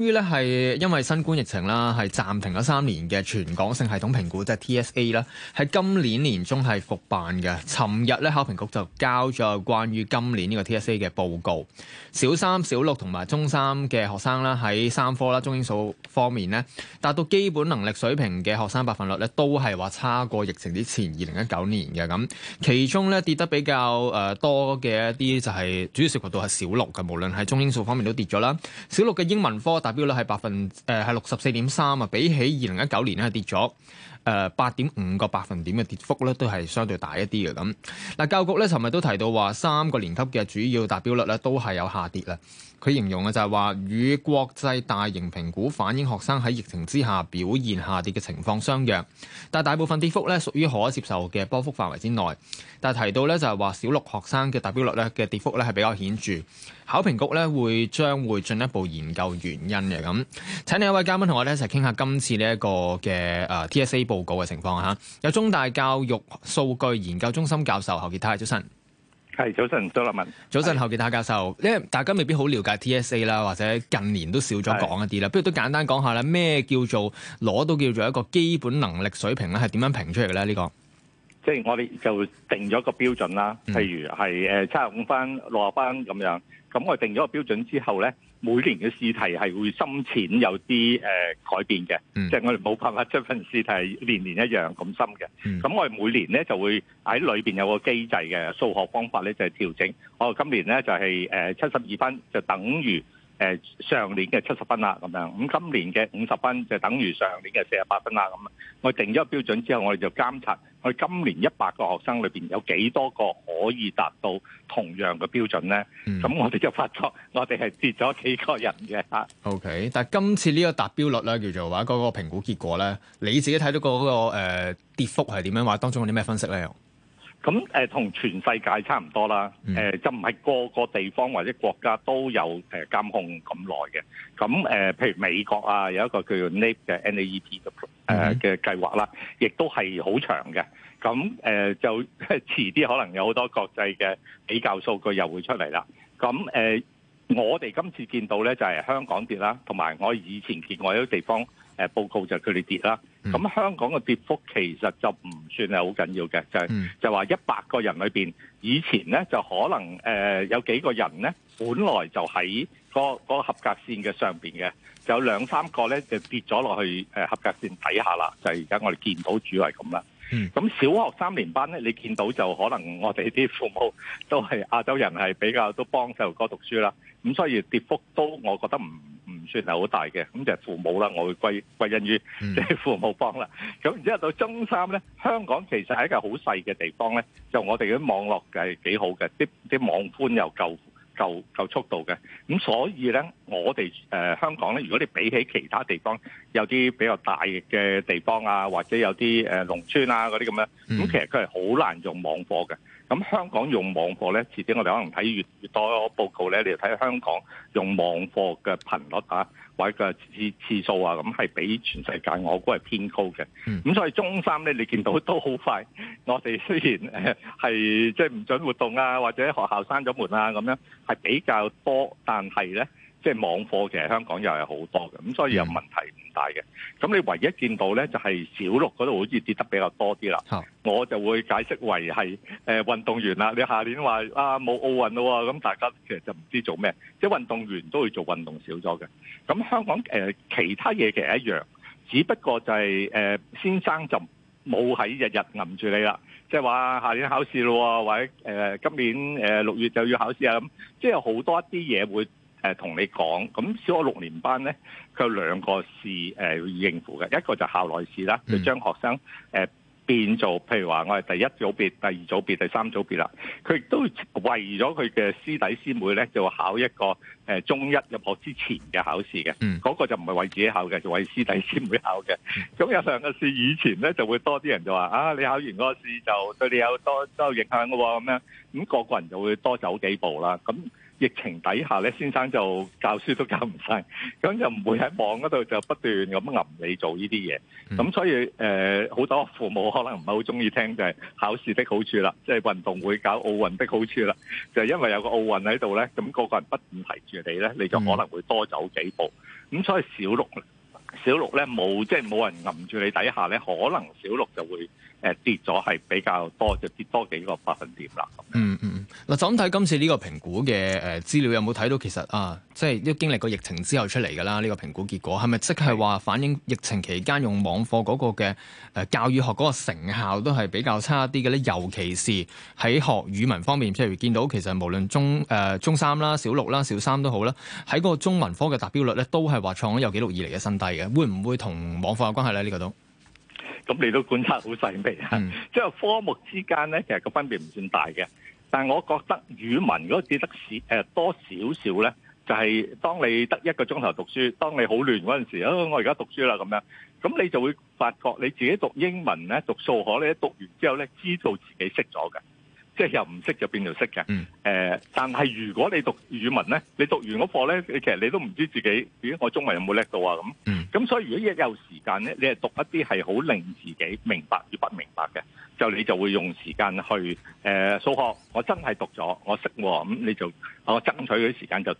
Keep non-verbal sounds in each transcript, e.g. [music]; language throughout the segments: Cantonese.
於咧係因為新冠疫情啦，係暫停咗三年嘅全港性系統評估即係 TSA 啦，喺今年年中係復辦嘅。尋日咧考評局就交咗關於今年呢個 TSA 嘅報告。小三、小六同埋中三嘅學生啦，喺三科啦，中英數方面呢，達到基本能力水平嘅學生百分率咧都係話差過疫情之前二零一九年嘅。噉其中咧跌得比較多嘅一啲就係主要涉及到係小六嘅，無論喺中英數方面都跌咗啦。小六嘅英文科達標率係百分誒係六十四點三啊，比起二零一九年咧跌咗誒八點五個百分點嘅跌幅咧，都係相對大一啲嘅咁。嗱，教局咧尋日都提到話，三個年級嘅主要達標率咧都係有下跌啦。佢形容嘅就係話與國際大型評估反映學生喺疫情之下表現下跌嘅情況相若，但大部分跌幅咧屬於可接受嘅波幅範圍之內。但係提到咧，就係話小六學生嘅達標率咧嘅跌幅咧係比較顯著，考評局咧會將會進一步研究原因嘅咁。請另一位嘉賓同我哋一齊傾下今次呢一個嘅誒 TSA 報告嘅情況嚇。有中大教育數據研究中心教授侯傑泰，早晨。係早晨，杜立文。早晨，侯傑泰教授，因為大家未必好了解 TSA 啦，或者近年都少咗講一啲啦，是不如都簡單講下啦，咩叫做攞到叫做一個基本能力水平咧，係點樣評出嚟嘅咧？呢個即係我哋就定咗個標準啦，譬如係誒七十五分、六十分咁樣。咁我定咗個標準之後咧，每年嘅試題係會深淺有啲誒、呃、改變嘅，即係、mm. 我哋冇辦法將份試題年年一樣咁深嘅。咁、mm. 我哋每年咧就會喺裏面有個機制嘅數學方法咧就係、是、調整。我今年咧就係誒七十二分就等於。誒上年嘅七十分啦，咁樣咁今年嘅五十分就等於上年嘅四十八分啦，咁我定咗個標準之後，我哋就監察我今年一百個學生裏邊有幾多個可以達到同樣嘅標準咧？咁我哋就發覺我哋係跌咗幾個人嘅。OK，但係今次呢個達標率咧，叫做話嗰個評估結果咧，你自己睇到嗰個，呃，跌幅係點樣？話當中有啲咩分析咧？咁誒同全世界差唔多啦，誒、呃、就唔係個個地方或者國家都有誒、呃、監控咁耐嘅，咁誒、呃、譬如美國啊，有一個叫 NAEP 嘅 NAEP 嘅嘅計劃啦，亦都係好長嘅，咁誒、呃、就遲啲可能有好多國際嘅比較數據又會出嚟啦，咁誒。呃我哋今次見到咧，就係香港跌啦，同埋我以前見我有啲地方誒報告就係佢哋跌啦。咁香港嘅跌幅其實就唔算係好緊要嘅，就係、係、就話一百個人裏面，以前咧就可能誒、呃、有幾個人咧，本來就喺嗰、嗰個合格線嘅上面嘅，就有兩三個咧就跌咗落去合格線底下啦。就而、係、家我哋見到主要係咁啦。咁 [music] 小學三年班咧，你見到就可能我哋啲父母都係亞洲人，係比較都幫細路哥讀書啦。咁所以跌幅都我覺得唔唔算係好大嘅。咁就係父母啦，我會歸歸因於即係父母幫啦。咁然之後到中三咧，香港其實係一個好細嘅地方咧，就我哋嘅網絡係幾好嘅，啲啲網寬又夠夠夠速度嘅。咁所以咧，我哋誒、呃、香港咧，如果你比起其他地方，有啲比較大嘅地方啊，或者有啲誒、呃、農村啊嗰啲咁樣，咁其實佢係好難用網課嘅。咁香港用網課咧，遲啲我哋可能睇越越多報告咧，你就睇香港用網課嘅頻率啊，或者嘅次次數啊，咁係比全世界我估係偏高嘅。咁所以中三咧，你見到都好快。我哋雖然係即係唔准活動啊，或者學校閂咗門啊咁樣，係比較多，但係咧，即係網課，其實香港又係好多嘅，咁所以有問題唔大嘅。咁你唯一見到咧，就係、是、小六嗰度好似跌得比較多啲啦。我就會解釋為係誒、呃、運動員啦、啊。你下年話啊冇奧運喎、啊，咁大家其實就唔知做咩，即係運動員都會做運動少咗嘅。咁香港、呃、其他嘢其實一樣，只不過就係、是呃、先生就冇喺日日揞住你啦。即係話下年考試喎、啊，或者誒、呃、今年誒、呃、六月就要考試啊，咁即係有好多一啲嘢會。誒同你講，咁小學六年班咧，佢有兩個試誒、呃、應付嘅，一個就校內試啦，就、嗯、將學生誒、呃、變做，譬如話我係第一組別、第二組別、第三組別啦。佢亦都為咗佢嘅師弟師妹咧，就考一個誒中一入學之前嘅考試嘅。嗰、嗯、個就唔係為自己考嘅，就為師弟師妹考嘅。咁有兩個試以前咧，就會多啲人就話啊，你考完個試就對你有多、多有影響嘅喎、哦，咁樣咁個、那個人就會多走幾步啦。咁疫情底下咧，先生就教書都教唔晒，咁就唔會喺網嗰度就不斷咁吟你做呢啲嘢，咁所以誒好、呃、多父母可能唔係好中意聽就係、是、考試的好處啦，即、就、係、是、運動會搞奧運的好處啦，就是、因為有個奧運喺度咧，咁、那個個人不斷提住你咧，你就可能會多走幾步，咁所以小六小六咧冇即係冇人吟住你底下咧，可能小六就會。誒跌咗係比較多，就跌多幾個百分點啦、嗯。嗯嗯嗱就咁睇今次呢個評估嘅誒資料，有冇睇到其實啊，即係都經歷過疫情之後出嚟㗎啦？呢、呢個評估結果係咪即係話反映疫情期間用網課嗰個嘅教育學嗰個成效都係比較差啲嘅咧？尤其是喺學語文方面，譬如見到其實無論中、呃、中三啦、小六啦、小三都好啦，喺嗰個中文科嘅達標率咧，都係話創咗有紀錄以嚟嘅新低嘅，會唔會同網課有關係咧？呢、呢個都？咁你都觀察好細微啊，即係、嗯、科目之間咧，其實個分別唔算大嘅。但係我覺得語文嗰只得少、呃、多少少咧，就係、是、當你得一個鐘頭讀書，當你好亂嗰陣時，啊、哦、我而家讀書啦咁樣，咁你就會發覺你自己讀英文咧、讀數學咧，你讀完之後咧，知道自己識咗嘅。即係又唔識就變咗識嘅，誒、呃！但係如果你讀語文咧，你讀完嗰課咧，你其實你都唔知自己，咦？我中文有冇叻到啊？咁，咁、嗯、所以如果一有時間咧，你係讀一啲係好令自己明白與不明白嘅，就你就會用時間去誒數、呃、學。我真係讀咗，我識喎，咁你就我爭取嗰啲時間就。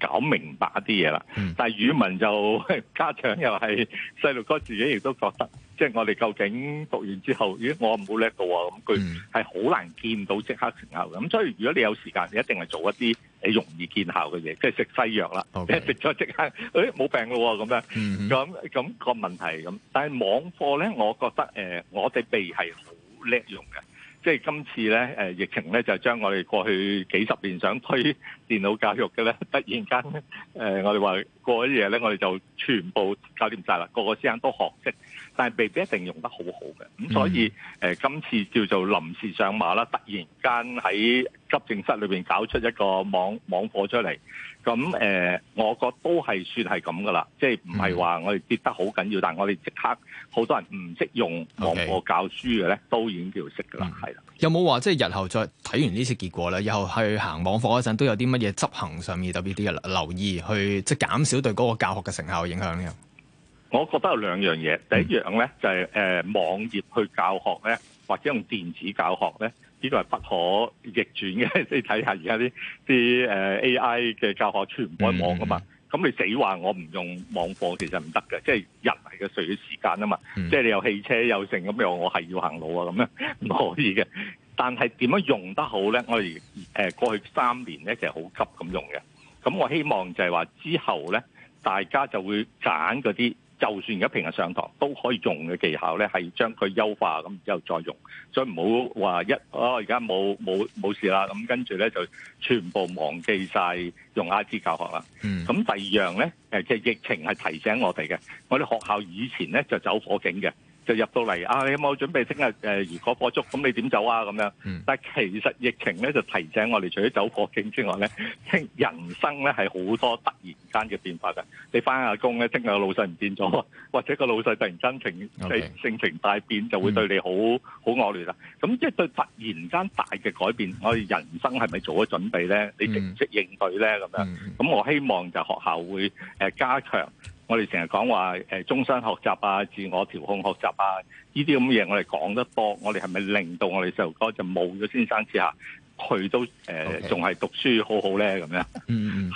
誒搞明白啲嘢啦，嗯、但係語文就家長又係細路哥自己亦都覺得，即係我哋究竟讀完之後，咦，我唔好叻到喎，咁佢係好難見到即刻成效咁。所以如果你有時間，你一定係做一啲誒容易見效嘅嘢，即係食西藥啦，你一食咗即刻，咦、哎，冇病嘅喎咁樣，咁咁、嗯哼咁個問題咁。但係網課咧，我覺得誒、呃，我哋鼻係好叻用嘅。即係今次咧，誒疫情咧就將我哋過去幾十年想推電腦教育嘅咧，突然間，誒我哋話過咗嘢咧，我哋就全部搞掂晒啦，個個先生都學識，但係未必一定用得好好嘅。咁所以誒、呃，今次叫做臨時上馬啦，突然間喺，急症室裏邊搞出一個網網課出嚟，咁誒、呃，我覺得都係算係咁噶啦，即係唔係話我哋跌得好緊要，但係我哋即刻好多人唔識用網課教書嘅咧，都已經叫識噶啦，係啦 Okay. 的、嗯。有冇話即係日後再睇完呢次結果咧，以後去行網課嗰陣都有啲乜嘢執行上面特別啲留意，去即係減少對嗰個教學嘅成效嘅影響咧？我覺得有兩樣嘢，第一樣咧就係、是、誒、呃、網頁去教學咧，或者用電子教學咧。呢個係不可逆轉嘅，你睇下而家啲啲誒 AI 嘅教學全唔開網噶嘛？咁、mm hmm. 你死話我唔用網課其實唔得嘅，即係人係需要時間啊嘛，mm hmm. 即係你有汽車有剩咁，又我係要行路啊咁樣，唔可以嘅。但係點樣用得好咧？我哋誒過去三年咧其實好急咁用嘅。咁我希望就係話之後咧，大家就會揀嗰啲。就算而家平日上堂都可以用嘅技巧咧，係將佢優化咁，然之後再用，所以唔好話一哦，而家冇冇冇事啦，咁跟住咧就全部忘記晒用 IT 教學啦。咁、嗯、第二樣咧，誒即係疫情係提醒我哋嘅，我哋學校以前咧就走火警嘅。就入到嚟啊！你有冇準備聽日誒？如、呃、果火燭，咁你點走啊？咁樣，嗯、但其實疫情咧就提醒我哋，除咗走火警之外咧，聽人生咧係好多突然間嘅變化嘅。你翻下工咧，聽日、嗯、個老細唔見咗，或者個老細突然間情 okay，性情大變，就會對你好好、嗯、惡劣啦。咁即係對突然間大嘅改變，我哋人生係咪做咗準備咧？你識唔識應對咧咁、嗯、樣。咁、嗯、我希望就學校會加強。我哋成日講話誒，終身學習啊，自我調控學習啊，呢啲咁嘅嘢我哋講得多，我哋係咪令到我哋細路哥就冇咗先生之下？佢都誒，仲、呃、係 Okay. 讀書好好咧咁樣。嗯嗯嗯。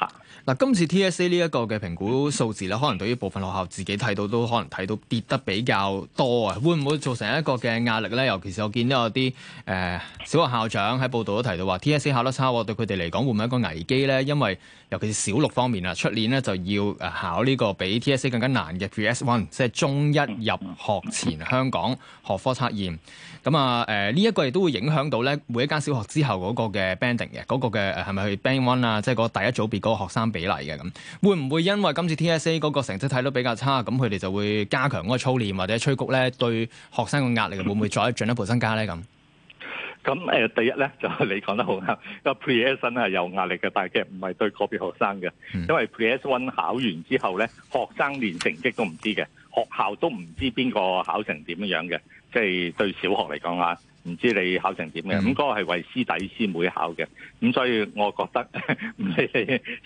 嗱、啊，今次 T S A 呢一個嘅評估數字咧，可能對於部分學校自己睇到都可能睇到跌得比較多啊，會唔會造成一個嘅壓力咧？尤其是我見到有啲誒、呃、小學校長喺報道都提到話，T S A 考得差對佢哋嚟講會唔會係一個危機咧？因為尤其是小六方面啊，出年咧就要考呢個比 TSA 更加難嘅 Pre-S1，即係中一入學前香港學科測驗。咁啊，誒呢一個亦都會影響到咧，每一間小學之後嗰個嘅 banding 嘅，嗰個嘅係咪去 band one 啊，即係個第一組別嗰個學生比例嘅咁。會唔會因為今次 TSA 嗰個成績睇到比較差，咁佢哋就會加強嗰個操練或者催谷咧對學生嘅壓力，會唔會再進一步增加咧咁？咁、呃、第一咧就係、你講得好啱。個 Pre-S1 係有壓力嘅，但係其實唔係對個別學生嘅，因為 Pre-S1 考完之後咧，學生連成績都唔知嘅，學校都唔知邊個考成點樣樣嘅，即、就、係、是、對小學嚟講啊唔知你考成點嘅，咁嗰、嗯、個係為師弟師妹考嘅，咁所以我覺得你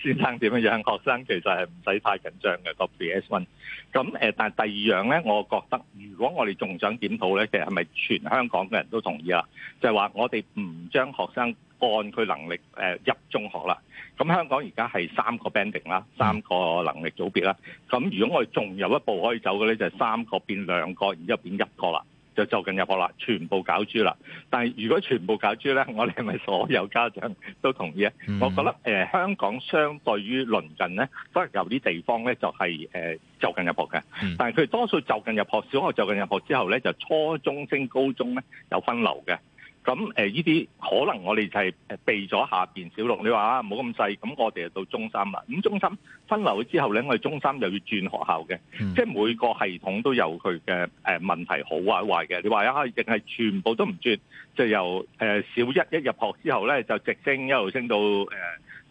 先生點樣樣，學生其實係唔使太緊張嘅個 B S one。咁誒，但係第二樣咧，我覺得如果我哋仲想檢討咧，其實係咪全香港嘅人都同意啦？就係、是、話我哋唔將學生按佢能力誒、呃、入中學啦。咁香港而家係三個 banding 啦、嗯，三個能力組別啦。咁如果我哋仲有一步可以走嘅咧，就係、是、三個變兩個，然之後變一個啦。就就近入學啦，全部攪珠啦。但係如果全部攪珠咧，我哋係咪所有家長都同意啊？Mm. 我覺得、呃、香港相對於鄰近咧，可能有啲地方咧就係、是、誒、呃、就近入學嘅。Mm. 但係佢多數就近入學，小學就近入學之後咧，就初中升高中咧有分流嘅。咁呢啲可能我哋就係避咗下邊小六，你話啊唔好咁細，咁我哋就到中三啦。咁中三分流咗之後咧，我哋中三又要轉學校嘅，嗯、即係每個系統都有佢嘅誒問題好啊壞嘅。你話啊，淨係全部都唔轉，就由誒、呃、小一一入學之後咧，就直升一路升到誒、呃、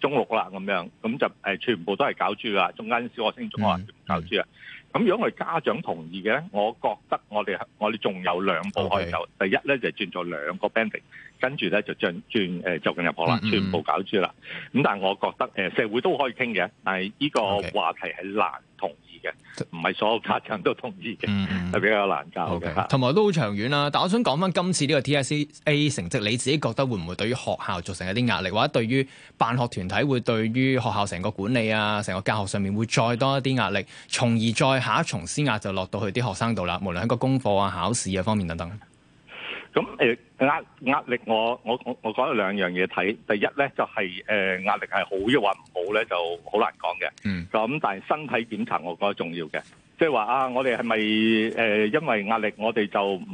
中六啦咁樣，咁就誒、呃、全部都係搞住噶，中間小學升中學，嗯、搞住啊。嗯嗯咁如果我哋家長同意嘅，我覺得我哋我哋仲有兩步可以走。Okay. 第一咧、就係、就轉咗兩個 banding，跟住咧就轉轉呃就近入學啦，全部搞住啦。咁但係我覺得、呃、社會都可以傾嘅，但係呢個話題係難同。唔係所有家長都同意嘅，係、嗯嗯、比較難教嘅。同埋都好長遠啦。但我想講翻今次呢個 TSA 成績，你自己覺得會唔會對於學校造成一啲壓力，或者對於辦學團體會對於學校成個管理啊、成個教學上面會再多一啲壓力，從而再下一重施壓就落到去啲學生度啦。無論喺個功課啊、考試啊方面等等。咁誒、呃、壓壓力我我我我講兩樣嘢睇，第一咧就係、是、誒、呃、壓力係好抑或唔好咧就好難講嘅。咁、嗯、但係身體檢查我覺得重要嘅，即係話啊，我哋係咪誒因為壓力我哋就唔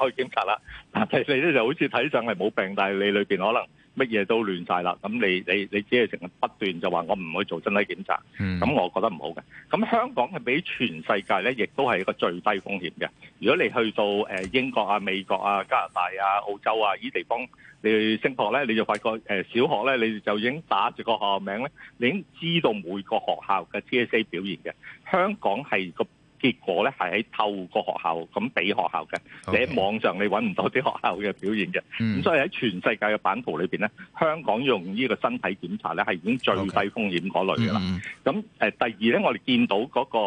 去檢查啦？但係你咧就好似睇上係冇病，但係你裏邊可能。乜嘢都亂晒啦，咁你你你只係成日不斷就話我唔去做身體檢查，咁我覺得唔好嘅。咁香港係比全世界咧，亦都係一個最低風險嘅。如果你去到誒英國啊、美國啊、加拿大啊、澳洲啊呢啲地方，你去升學咧，你就發覺誒小學咧，你就已經打住個學校名咧，你已經知道每個學校嘅 TSA 表現嘅。香港係個。結果咧係喺透過學校咁俾學校嘅，你喺網上你揾唔到啲學校嘅表現嘅。咁所以喺全世界嘅版圖裏面咧，香港用呢個身體檢查咧係已經最低風險嗰類嘅啦。咁第二咧，我哋見到嗰個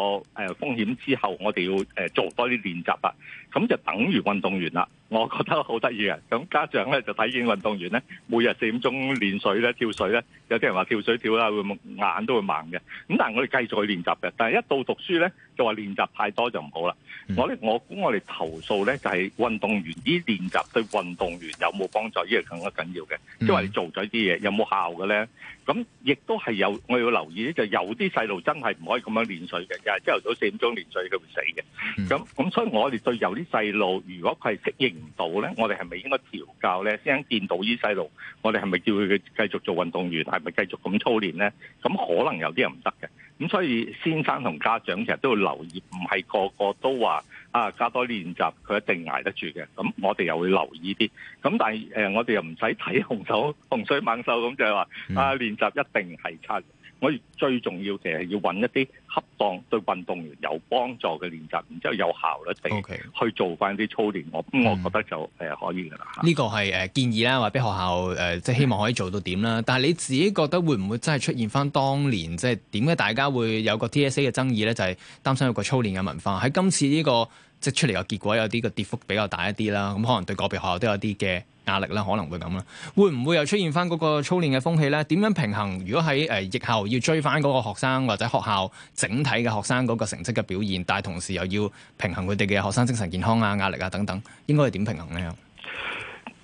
風險之後，我哋要做多啲練習啦。咁就等於運動員啦，我覺得好得意呀。咁家長咧就睇見運動員咧，每日四點鐘練水咧、跳水咧，有啲人話跳水跳啦會眼都會盲嘅。咁但係我哋繼續去練習嘅，但係一到讀書咧就話練習。太多就唔好啦、嗯。我咧，我估我哋投訴咧，就係、是、運動員啲練習對運動員有冇幫助，呢個更加緊要嘅。嗯、因為你做咗啲嘢有冇效嘅咧，咁亦都係有我要留意咧，就是、有啲細路真係唔可以咁樣練水嘅，又係朝頭早四點鐘練水佢會死嘅。咁咁、嗯，所以我哋對有啲細路，如果佢係適應唔到咧，我哋係咪應該調教咧先見到啲細路？我哋係咪叫佢繼續做運動員？係咪繼續咁操練咧？咁可能有啲人唔得嘅。咁所以先生同家長其實都要留意，唔係個個都話啊加多練習佢一定捱得住嘅。咁我哋又會留意啲，咁但係、呃、我哋又唔使睇洪手洪水猛獸咁，就係、是、話啊練習一定係差。我最重要其實係要揾一啲恰當對運動員有幫助嘅練習，然之後有效率地去做翻啲操練。Okay. 我我覺得就誒、嗯、可以㗎啦。呢個係誒建議啦，話俾學校誒，即、呃、係、就是、希望可以做到點啦。但係你自己覺得會唔會真係出現翻當年即係點解大家會有個 TSA 嘅爭議咧？就係、是、擔心有個操練嘅文化喺今次呢、這個，即出嚟嘅結果有啲個跌幅比較大一啲啦，咁可能對個別學校都有啲嘅壓力啦，可能會咁啦。會唔會又出現翻嗰個操練嘅風氣咧？點樣平衡？如果喺誒、呃、疫後要追翻嗰個學生或者學校整體嘅學生嗰個成績嘅表現，但係同時又要平衡佢哋嘅學生精神健康啊、壓力啊等等，應該係點平衡咧？誒、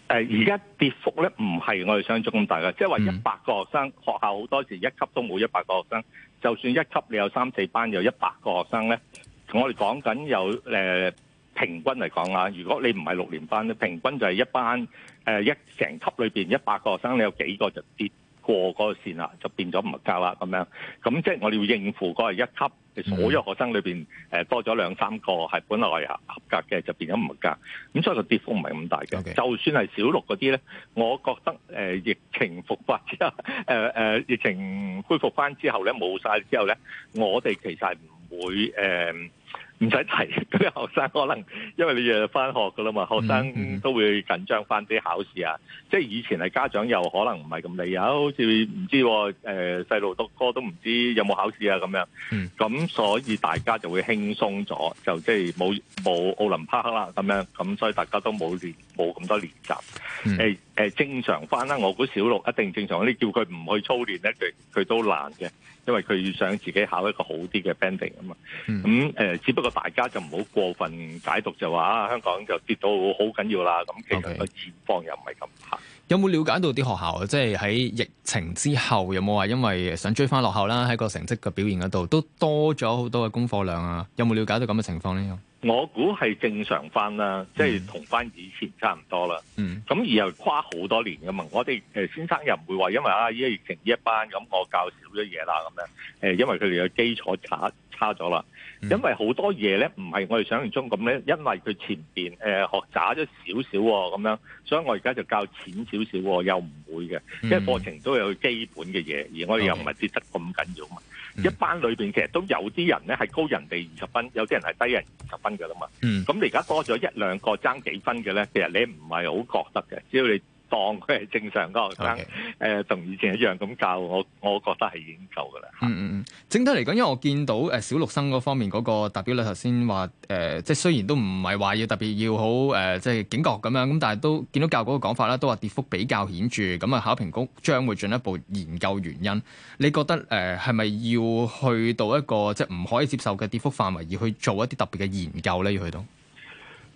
呃，而家跌幅咧唔係我哋想像咁大嘅，即係話一百個學生，嗯、學校好多時一級都冇一百個學生，就算一級你有三四班有一百個學生咧。我哋講緊有誒、呃、平均嚟講啊，如果你唔係六年班咧，平均就係一班誒、呃、一整級裏面一百個學生，你有幾個就跌過嗰個線啦，就變咗唔合格啦咁樣。咁即係我哋要應付嗰係一級嘅所有學生裏面誒、呃、多咗兩三個係本來係合合格嘅，就變咗唔合格。咁所以個跌幅唔係咁大嘅。Okay. 就算係小六嗰啲咧，我覺得誒、呃、疫情復發之後，誒、呃、疫情恢復翻之後咧，冇晒之後咧，我哋其實係唔會誒、呃唔使提嗰啲學生，可能因為你誒翻學噶啦嘛，學生都會緊張翻啲考試啊。即係以前係家長又可能唔係咁理由好似唔知喎、呃，細路讀歌都唔知有冇考試啊咁樣。咁所以大家就會輕鬆咗，就即係冇冇奧林匹克啦咁樣。咁所以大家都冇練冇咁多練習。嗯欸、正常翻啦，我估小六一定正常。你叫佢唔去操練咧，佢佢都難嘅，因為佢想自己考一個好啲嘅 banding 嘛。咁、嗯呃、只不過。大家就唔好過分解讀就話香港就跌到好緊要啦。咁其實個情況又唔係咁嚇。Okay. 有冇了解到啲學校啊？即係喺疫情之後，有冇話因為想追翻落後啦？喺個成績嘅表現嗰度都多咗好多嘅功課量啊？有冇了解到咁嘅情況呢？我估係正常翻啦，即係同翻以前差唔多啦。咁、mm hmm. 而又跨好多年噶嘛，我哋先生又唔會話，因為啊依家、這個、疫情一班咁我教少咗嘢啦咁樣。因為佢哋嘅基礎差差咗啦、mm hmm.，因為好多嘢咧唔係我哋想象中咁咧，因為佢前面誒、呃、學渣咗少少喎，咁樣，所以我而家就教淺少少喎，又唔會嘅，mm hmm. 因為過程都有基本嘅嘢，而我哋又唔係接得咁緊要嘛。Mm hmm. 一班裏面其實都有啲人咧係高人哋二十分，有啲人係低人二十分。嘅啦嘛，咁、嗯、你而家多咗一兩個爭幾分嘅咧，其實你唔係好覺得嘅，只要你。當佢係正常個，但係誒同以前一樣咁教，我我覺得係已經夠㗎啦。嗯嗯嗯，整體嚟講，因為我見到誒小六生嗰方面嗰、嗰個達標率剛才，頭先話誒，即係雖然都唔係話要特別要好誒，呃，即係警覺咁樣，咁但係都見到教局嘅講法啦，都話跌幅比較顯著，咁啊，考評局將會進一步研究原因。你覺得誒係咪要去到一個即係唔可以接受嘅跌幅範圍，而去做一啲特別嘅研究咧？要去到？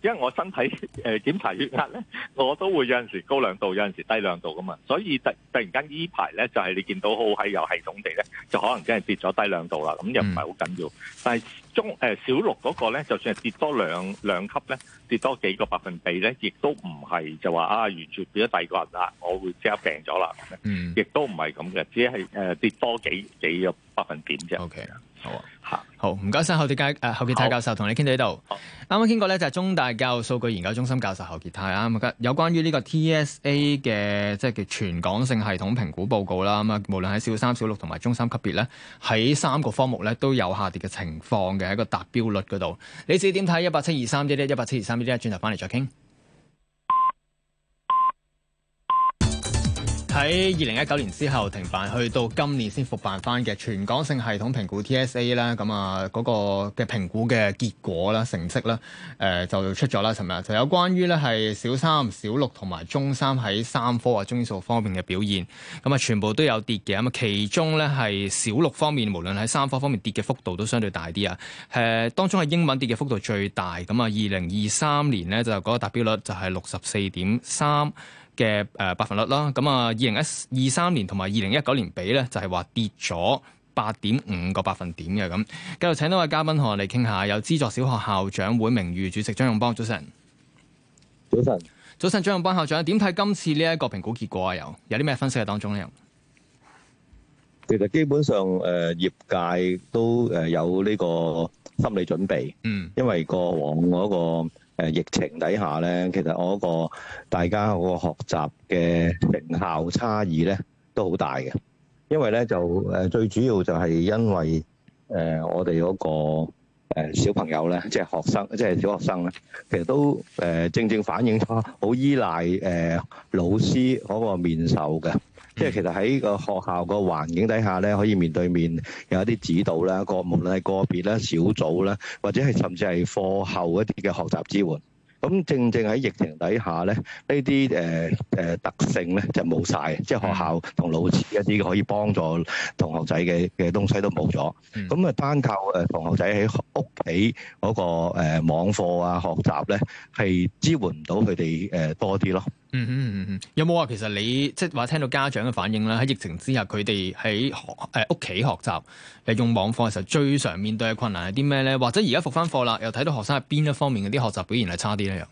因為我身體誒、呃、檢查血壓咧，我都會有陣時高兩度，有陣時低兩度噶嘛，所以突突然間呢排咧就係、是、你見到好係有系統地咧，就可能真係跌咗低兩度啦，咁又唔係好緊要。嗯、但係中、呃、小六嗰個咧，就算係跌多兩兩,兩級咧，跌多幾個百分比咧，亦都唔係就話啊完全變咗第二個人啦，我會即刻病咗啦。嗯，亦都唔係咁嘅，只係、呃、跌多幾幾個百分點啫。Okay. 好,啊、好,好，好，唔該晒，侯傑泰誒，侯傑泰教授同你傾到呢度。啱啱傾過咧，就係中大教育數據研究中心教授侯傑泰啊。咁有關於呢個 TSA 嘅，即係叫全港性系統評估報告啦。咁啊，無論喺小三、小六同埋中三級別咧，喺三個科目咧都有下跌嘅情況嘅，喺個達標率嗰度。你自己點睇？一百七二三呢啲，一百七二三呢啲，轉頭翻嚟再傾。喺二零一九年之後停辦，去到今年先復辦翻嘅全港性系統評估 TSA 啦，咁啊、那、嗰個嘅評估嘅結果啦、成績啦、呃，就出咗啦，尋日就有關於咧，係小三、小六同埋中三喺三科啊、中英數方面嘅表現，咁啊全部都有跌嘅。咁啊其中咧係小六方面，無論喺三科方面跌嘅幅度都相對大啲啊、呃。當中係英文跌嘅幅度最大，咁啊二零二三年咧就嗰個達標率就係六十四點三。嘅誒百分率啦，咁啊，二零二三年同埋二零一九年比咧，就係話跌咗八點五個百分點嘅咁。繼續請多位嘉賓同我哋傾下，有資助小學校長會名譽主席張勇邦，早晨。早晨，早晨，張勇邦校長，點睇今次呢一個評估結果啊？有有啲咩分析喺當中咧？其實基本上誒業界都誒有呢個心理準備，嗯，因為過往嗰個。疫情底下咧，其實我嗰個大家嗰個學習嘅成效差異咧，都好大嘅。因為咧就最主要就係因為誒、呃、我哋嗰個小朋友咧，即係學生，即係小學生咧，其實都誒、呃、正正反映出好依賴、呃、老師嗰個面授嘅。即係其實喺個學校個環境底下咧，可以面對面有一啲指導啦，無論是個無論係個別啦、小組啦，或者係甚至係課後一啲嘅學習支援。咁正正喺疫情底下咧，呢啲誒誒特性咧就冇晒，即係學校同老師一啲可以幫助同學仔嘅嘅東西都冇咗。咁、嗯、啊，單靠誒同學仔喺屋企嗰個誒網課啊學習咧，係支援唔到佢哋誒多啲咯。嗯哼，嗯嗯，有冇話其實你即係話聽到家長嘅反應咧？喺疫情之下，佢哋喺學、誒屋企學習，誒、呃、用網課嘅時候，最常面對嘅困難係啲咩咧？或者而家復翻課啦，又睇到學生係邊一方面嘅啲學習表現係差啲咧？又，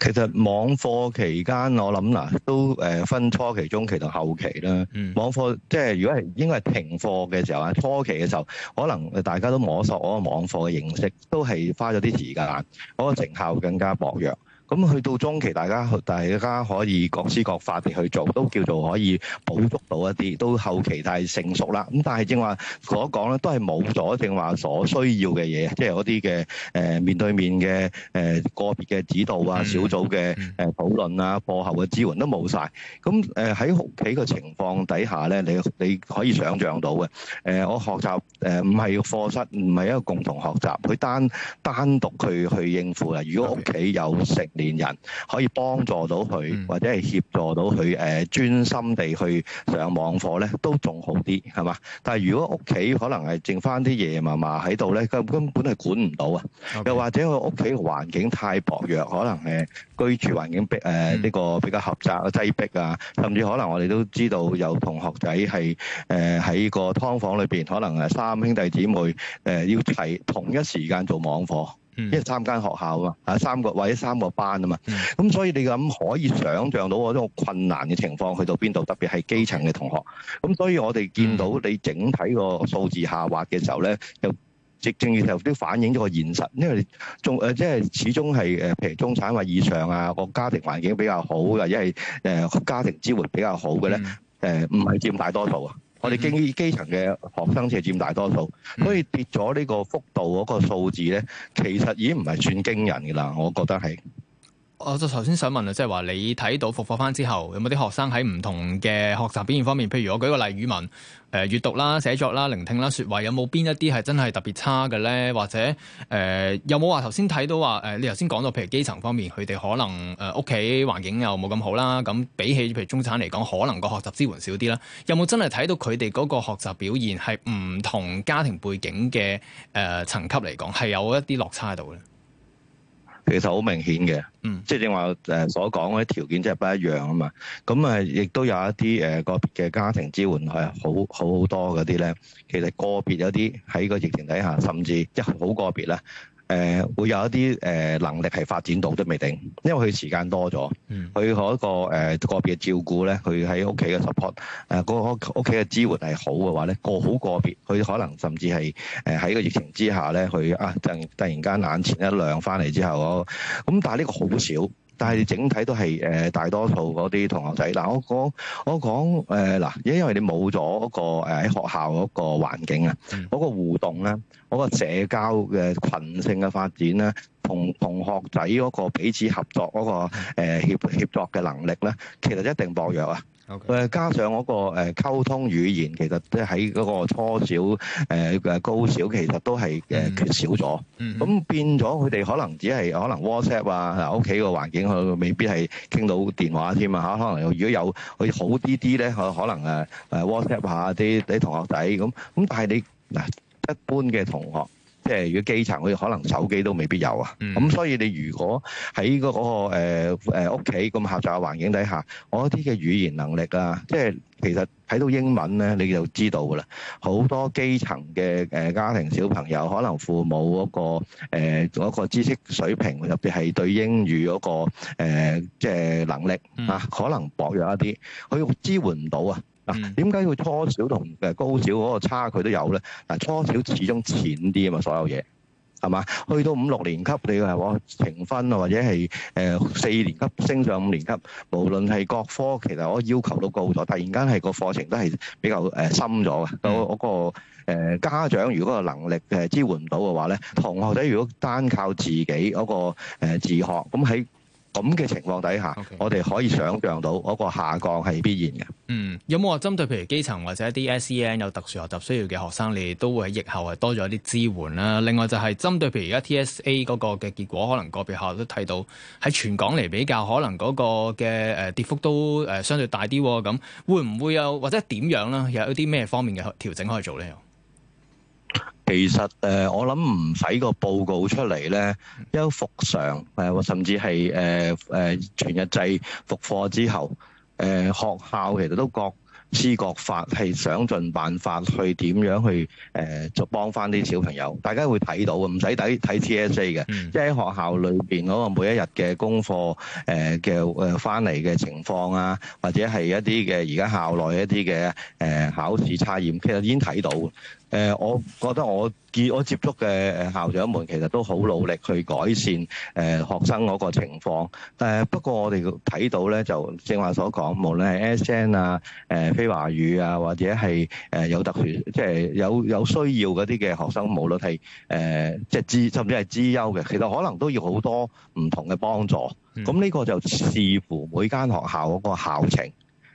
其實網課期間，我諗嗱，都誒分初期、中期同後期啦。網課即係如果係應該係停課嘅時候啊，初期嘅時候，可能大家都摸索嗰個網課嘅形式，都係花咗啲時間，嗰個成效更加薄弱。咁去到中期，大家大家可以各施各法地去做，都叫做可以補足到一啲，都後期但係成熟啦。咁但係正話所講咧，都係冇咗正話所需要嘅嘢，即係嗰啲嘅誒面對面嘅誒、呃、個別嘅指導啊、小組嘅誒討論啊、課、呃、後嘅支援都冇晒。咁誒喺屋企嘅情況底下咧，你你可以想象到嘅誒、呃，我學習誒唔係課室，唔係一個共同學習，佢單單獨去去應付啦，如果屋企有成。Okay. 年人可以幫助到佢，或者係協助到佢誒、呃、專心地去上網課咧，都仲好啲係嘛？但係如果屋企可能係剩翻啲爺爺嫲嫲喺度咧，根根本係管唔到啊。的又或者佢屋企環境太薄弱，可能居住環境逼呢、呃呢個比較狹窄擠逼啊，甚至可能我哋都知道有同學仔係喺、呃、個劏房裏面，可能誒三兄弟姐妹、呃、要齊同一時間做網課。嗯、因為三間學校啊嘛，啊三個或者三個班啊嘛，咁、嗯、所以你咁可以想像到嗰個困難嘅情況去到邊度，特別係基層嘅同學。咁所以我哋見到你整體個數字下滑嘅時候咧，又正正亦都反映咗個現實，因為仲誒即係始終係誒，譬、呃、如中產或以上啊，個家庭環境比較好，或者係誒、呃、家庭支援比較好嘅咧，誒唔係佔大多數啊。我哋經基層嘅學生先係佔大多數，所以跌咗呢個幅度嗰個數字咧，其實已經唔係算驚人㗎啦，我覺得係。我就頭先想問啊，即係話你睇到復課翻之後，有冇啲學生喺唔同嘅學習表現方面？譬如我舉個例，語文、誒、呃、閱讀啦、寫作啦、聆聽啦、說話，有冇邊一啲係真係特別差嘅咧？或者、呃、有冇話頭先睇到話、呃、你頭先講到譬如基層方面，佢哋可能屋企、呃、環境又冇咁好啦，咁比起譬如中產嚟講，可能個學習支援少啲啦。有冇真係睇到佢哋嗰個學習表現係唔同家庭背景嘅誒、呃、層級嚟講係有一啲落差喺度咧？其實好明顯嘅，嗯，即係正話所講嗰啲條件真係不一樣啊嘛，咁誒亦都有一啲誒個別嘅家庭支援係好好，好多嗰啲咧，其實個別有啲喺個疫情底下，甚至即係好個別咧。誒、呃、會有一啲、呃、能力係發展到都未定，因為佢時間多咗，佢嗰、嗯嗰個、呃、個別照顧咧，佢喺屋企嘅 support，嗰屋企嘅支援係好嘅話咧，個好個別，佢可能甚至係喺個疫情之下咧，佢啊突突然間眼前一亮翻嚟之後哦，咁、那個、但係呢個好少。嗯但係整體都係誒、呃、大多數嗰啲同學仔嗱，我講我講誒嗱，因為你冇咗嗰個喺、呃、學校嗰個環境啊，嗰個互動咧，嗰個社交嘅群性嘅發展咧，同同學仔嗰個彼此合作嗰個誒協、呃、協作嘅能力咧，其實一定薄弱啊。Okay. 加上嗰個誒溝通語言，其實即喺嗰個初小、呃、高小，其實都係缺少咗。咁、mm hmm. mm hmm. 變咗佢哋可能只係可能 WhatsApp 啊，屋企個環境佢未必係傾到電話添啊。可能如果有可以好啲啲咧，可能 WhatsApp 下啲啲同學仔咁。咁但係你嗱一般嘅同學。即係如果基層佢可能手機都未必有啊，咁、嗯、所以你如果喺嗰、嗰個屋企咁狹窄嘅環境底下，我啲嘅語言能力啊，即係其實睇到英文咧你就知道㗎啦，好多基層嘅、呃、家庭小朋友可能父母嗰、嗰個誒嗰、呃嗰個、知識水平，特別係對英語嗰、嗰個即、呃即係、能力啊，嗯、可能薄弱一啲，佢支援唔到啊。嗱，點解會初小同誒高小嗰個差距都有咧？嗱，初小始終淺啲啊嘛，所有嘢係嘛？去到五六年級，你係話評分啊，或者係誒、呃、四年級升上五年級，無論係各科，其實我要求都高咗。突然間係個課程都係比較誒深咗嘅。嗰嗰、嗯嗰個、呃、家長如果個能力誒支援唔到嘅話咧，同學仔如果單靠自己嗰、嗰個、呃、自學，咁喺。咁嘅情況底下，Okay. 我哋可以想象到嗰個下降係必然嘅。嗯，有冇話針對譬如基層或者一啲 S E N 有特殊學習需要嘅學生，你都會喺疫後多咗一啲支援啦。另外就係針對譬如而家 T S A 嗰個嘅結果，可能個別學校都睇到喺全港嚟比較，可能嗰個嘅跌幅都相對大啲。咁會唔會又或者點樣呢？又有啲咩方面嘅調整可以做呢？其實誒、呃，我諗唔使個報告出嚟咧，因復常誒，甚至係誒誒全日制復課之後，誒、呃、學校其實都各施各法，係想盡辦法去點樣去誒就、呃、幫翻啲小朋友。大家會睇到嘅，唔使睇睇 T S A 嘅、嗯，即係喺學校裏邊嗰個每一日嘅功課誒嘅誒翻嚟嘅情況啊，或者係一啲嘅而家校內一啲嘅誒考試測驗，其實已經睇到。誒、呃，我覺得我見我接觸嘅校長們其實都好努力去改善誒、呃、學生嗰個情況。誒、呃，不過我哋睇到咧，就正話所講，無論係 SN 啊、呃、非華語啊，或者係、呃、有特殊即係有有需要嗰啲嘅學生，無論係誒、呃、即係資甚至係資優嘅，其實可能都要好多唔同嘅幫助。咁呢、嗯、個就視乎每間學校嗰個校情。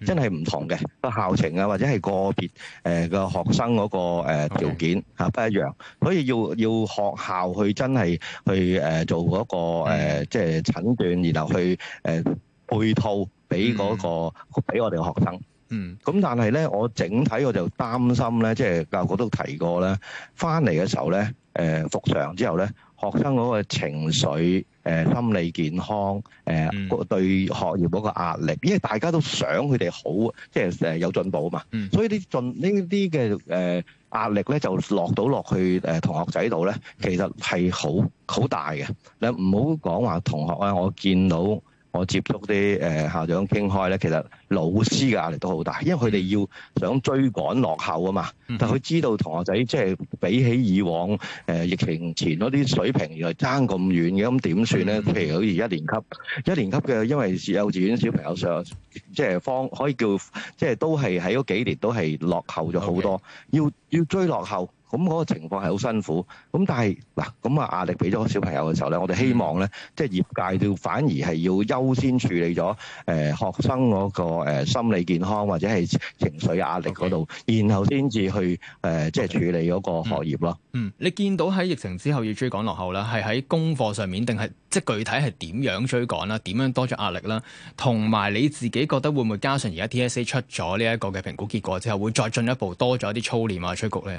真係唔同嘅個校情啊，或者係個別誒個學生、嗰個誒條、呃、件啊不一樣，Okay. 所以要要學校去真係去誒做嗰、嗰個誒、呃、即係診斷，然後去誒配、呃、套俾嗰、嗰個俾、mm. 我哋學生。嗯，咁但係咧，我整體我就擔心咧，即係教育局都提過咧，翻嚟嘅時候咧，誒復常之後咧，學生嗰個情緒、誒、嗯呃、心理健康、誒、呃嗯、對學業嗰個壓力，因為大家都想佢哋好，即係誒有進步嘛，嗯、所以啲進呢啲嘅誒壓力咧就落到落去誒、呃、同學仔度咧，其實係好好大嘅。你唔好講話同學啊，我見到。我接觸啲呃、校長傾開咧，其實老師嘅壓力都好大，因為佢哋要想追趕落後啊嘛。嗯、哼但佢知道同學仔即係比起以往、呃、疫情前嗰啲水平差，原來爭咁遠嘅，咁點算咧？譬如好似一年級，一年級嘅，因為幼稚園小朋友上，即、就、係、是、方可以叫即係、就是、都係喺嗰幾年都係落後咗好多，Okay. 要要追落後。咁嗰個情況係好辛苦，咁但係嗱，咁、那、啊、個、壓力俾咗小朋友嘅時候咧，我哋希望咧，嗯、即係業界要反而係要優先處理咗誒、呃、學生嗰、那個、呃、心理健康或者係情緒壓力嗰度，嗯、然後先至去誒、呃嗯、即係處理嗰個學業咯。嗯，你見到喺疫情之後要追趕落後咧，係喺功課上面定係即係具體係點樣追趕啦？點樣多咗壓力啦？同埋你自己覺得會唔會加上而家 TSA 出咗呢一個嘅評估結果之後，會再進一步多咗啲操練啊、吹谷咧？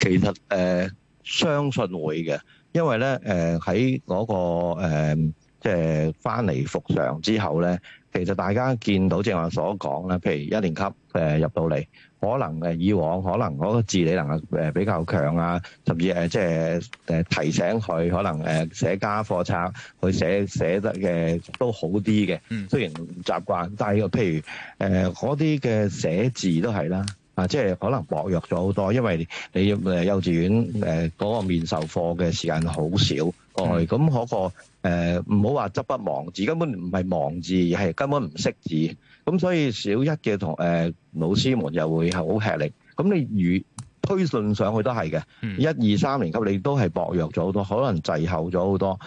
其實誒、呃、相信會嘅，因為咧誒喺嗰個誒即係翻嚟復常之後咧，其實大家見到正如我所講咧，譬如一年級誒、呃、入到嚟，可能以往可能嗰個自理能力比較強啊，甚至即係誒提醒佢可能誒寫家課冊去寫寫得嘅都好啲嘅。雖然唔習慣，但係譬如誒嗰啲嘅寫字都係啦。啊，即係可能薄弱咗好多，因為你誒幼稚園誒嗰、呃、那個面授課嘅時間好少，過去咁嗰、嗯、那個唔好話執筆忘字，根本唔係忘字，係根本唔識字，咁所以小一嘅同誒、呃、老師們又會係好吃力，咁你如推進上去都係嘅，一二三年級你都係薄弱咗好多，可能滯後咗好多。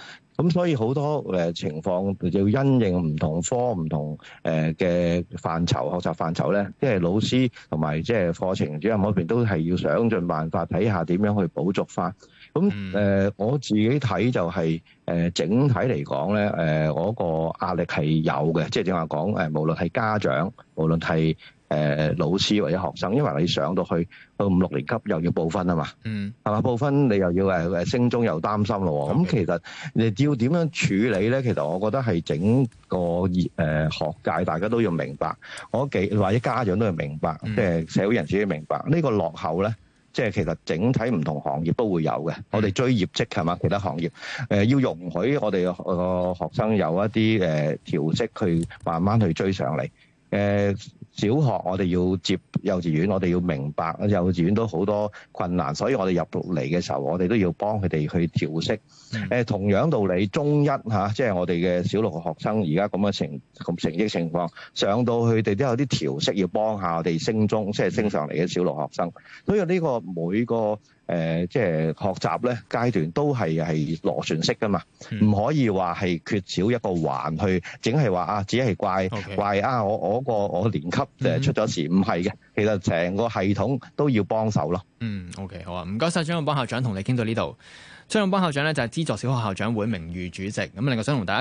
咁、嗯、所以好多誒、呃、情況就因應唔同科唔同誒嘅、呃、範疇學習範疇咧，即係老師同埋即係課程主任嗰邊都係要想盡辦法睇下點樣去補足翻。咁、嗯、誒、呃、我自己睇就係、是、誒、呃、整體嚟講咧，誒、呃、我個壓力係有嘅，即係正話講誒，無論係家長，無論係。誒、呃、老師或者學生，因為你上到去到五六年級又要報分啊嘛，嗯，係嘛報分你又要誒誒升中又擔心咯。咁、嗯、其實你要點樣處理咧？其實我覺得係整個熱學、呃、學界大家都要明白，我幾或者家長都要明白，嗯、即係社會人士都要明白。呢、這個落後咧，即係其實整體唔同行業都會有嘅。嗯、我哋追業績係嘛，其他行業誒、呃、要容許我哋個、呃、學生有一啲誒、呃、調適，去慢慢去追上嚟。誒，小學我哋要接。幼稚園，我哋要明白幼稚園都好多困難，所以我哋入到嚟嘅時候，我哋都要幫佢哋去調適。嗯、同樣道理，中一即係、啊就是、我哋嘅小六學生而家咁嘅成咁成績情況，上到佢哋都有啲調適要幫下我哋升中，即係、嗯、升上嚟嘅小六學生。所以呢個每個即係、呃就是、學習咧階段都係係螺旋式噶嘛，唔、嗯、可以話係缺少一個環去，淨係話啊只係怪 Okay. 怪啊我我個我，我年級誒出咗事，唔係嘅。其實成個系統都要幫手咯。嗯，OK，好啊，唔該晒張勇邦校長，同你傾到呢度。張勇邦校長咧就係資助小學校長會名譽主席，咁另外想同大家。